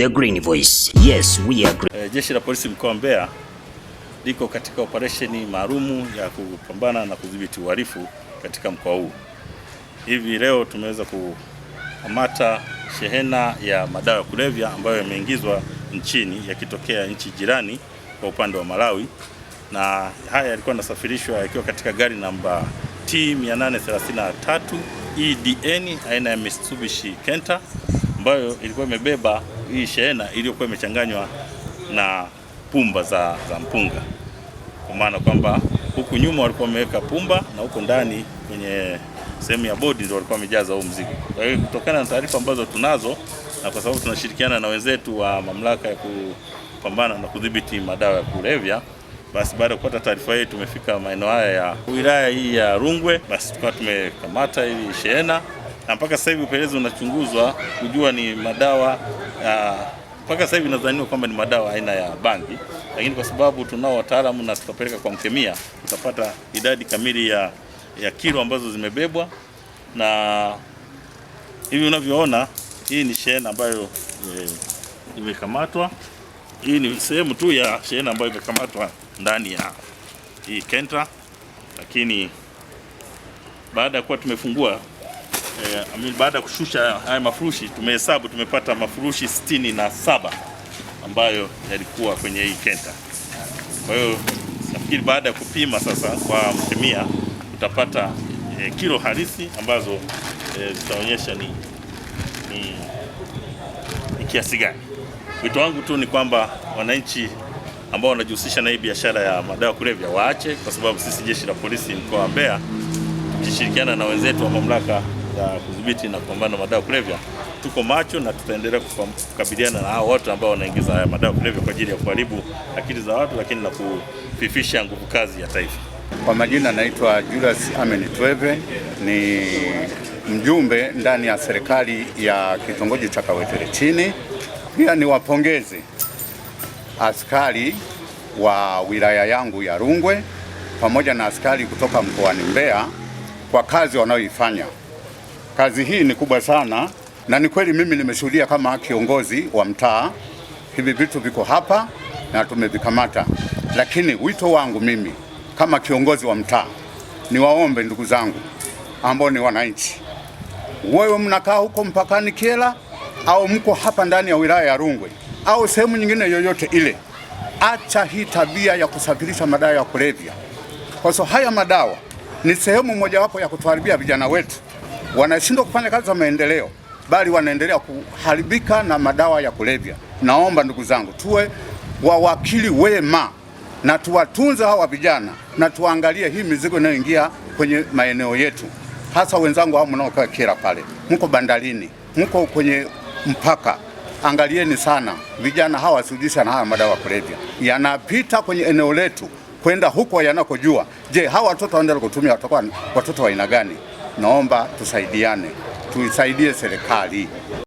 The Green Voice. Yes, we are green. Eh, jeshi la polisi mkoa wa Mbeya liko katika operesheni maalumu ya kupambana na kudhibiti uhalifu katika mkoa huu. Hivi leo tumeweza kukamata shehena ya madawa ya kulevya ambayo yameingizwa nchini yakitokea nchi jirani kwa upande wa Malawi, na haya yalikuwa yanasafirishwa yakiwa katika gari namba T 833 EDN aina ya Mitsubishi Kenta ambayo ilikuwa imebeba hii shehena iliyokuwa imechanganywa na pumba za, za mpunga, kwa maana kwamba huku nyuma walikuwa wameweka pumba na huko ndani kwenye sehemu ya bodi ndio walikuwa wamejaza huu mzigo. Kwa hiyo kutokana na taarifa ambazo tunazo na kwa sababu tunashirikiana na wenzetu wa mamlaka ya kupambana na kudhibiti madawa ya kulevya, basi baada ya kupata taarifa hii tumefika maeneo haya ya wilaya hii ya Rungwe, basi tukawa tumekamata hii shehena na mpaka sasa hivi upelelezi unachunguzwa kujua ni madawa Ah, mpaka sasa hivi nadhaniwa kwamba ni madawa aina ya bangi, lakini kwa sababu tunao wataalamu na tutapeleka kwa mkemia, tutapata idadi kamili ya, ya kilo ambazo zimebebwa, na hivi unavyoona hii ni shehena ambayo e, imekamatwa. Hii ni sehemu tu ya shehena ambayo imekamatwa ndani ya hii kenta, lakini baada ya kuwa tumefungua eh, baada ya kushusha haya mafurushi tumehesabu, tumepata mafurushi sitini na saba ambayo yalikuwa kwenye hii kenta. Kwa hiyo nafikiri baada ya kupima sasa kwa mkemia utapata eh, kilo halisi ambazo eh, zitaonyesha eh, ni, ni, ni kiasi gani. Wito wangu tu ni kwamba wananchi ambao wanajihusisha na hii biashara ya madawa kulevya waache, kwa sababu sisi jeshi la polisi mkoa wa Mbeya tukishirikiana na wenzetu wa mamlaka za kudhibiti na kupambana na madawa kulevya, tuko macho na tutaendelea kukabiliana na hao watu ambao wanaingiza haya madawa kulevya kwa ajili ya kuharibu akili za watu, lakini na kufifisha nguvu kazi ya taifa. Kwa majina naitwa Julius Amen Tweve, ni mjumbe ndani ya serikali ya kitongoji cha Kawetere chini. Pia ni wapongeze askari wa wilaya yangu ya Rungwe pamoja na askari kutoka mkoani Mbeya kwa kazi wanayoifanya kazi hii ni kubwa sana, na ni kweli mimi nimeshuhudia kama kiongozi wa mtaa, hivi vitu viko hapa na tumevikamata. Lakini wito wangu mimi kama kiongozi wa mtaa, niwaombe ndugu zangu ambao ni wananchi, wewe mnakaa huko mpakani Kyela au mko hapa ndani ya wilaya ya Rungwe au sehemu nyingine yoyote ile, acha hii tabia ya kusafirisha madawa ya kulevya, kwa sababu haya madawa ni sehemu mojawapo ya kutuharibia vijana wetu wanashindwa kufanya kazi za maendeleo, bali wanaendelea kuharibika na madawa ya kulevya. Naomba ndugu zangu, tuwe wawakili wema na tuwatunze hawa vijana na tuangalie hii mizigo inayoingia kwenye maeneo yetu, hasa wenzangu hao mnaokaa Kyela pale, mko bandarini, mko kwenye mpaka, angalieni sana vijana hawa wasijihusishe na haya madawa ya kulevya, yanapita kwenye eneo letu kwenda huko yanakojua. Je, hawa watoto wanaenda kutumia watakuwa watoto wa aina gani? naomba tusaidiane, tuisaidie serikali.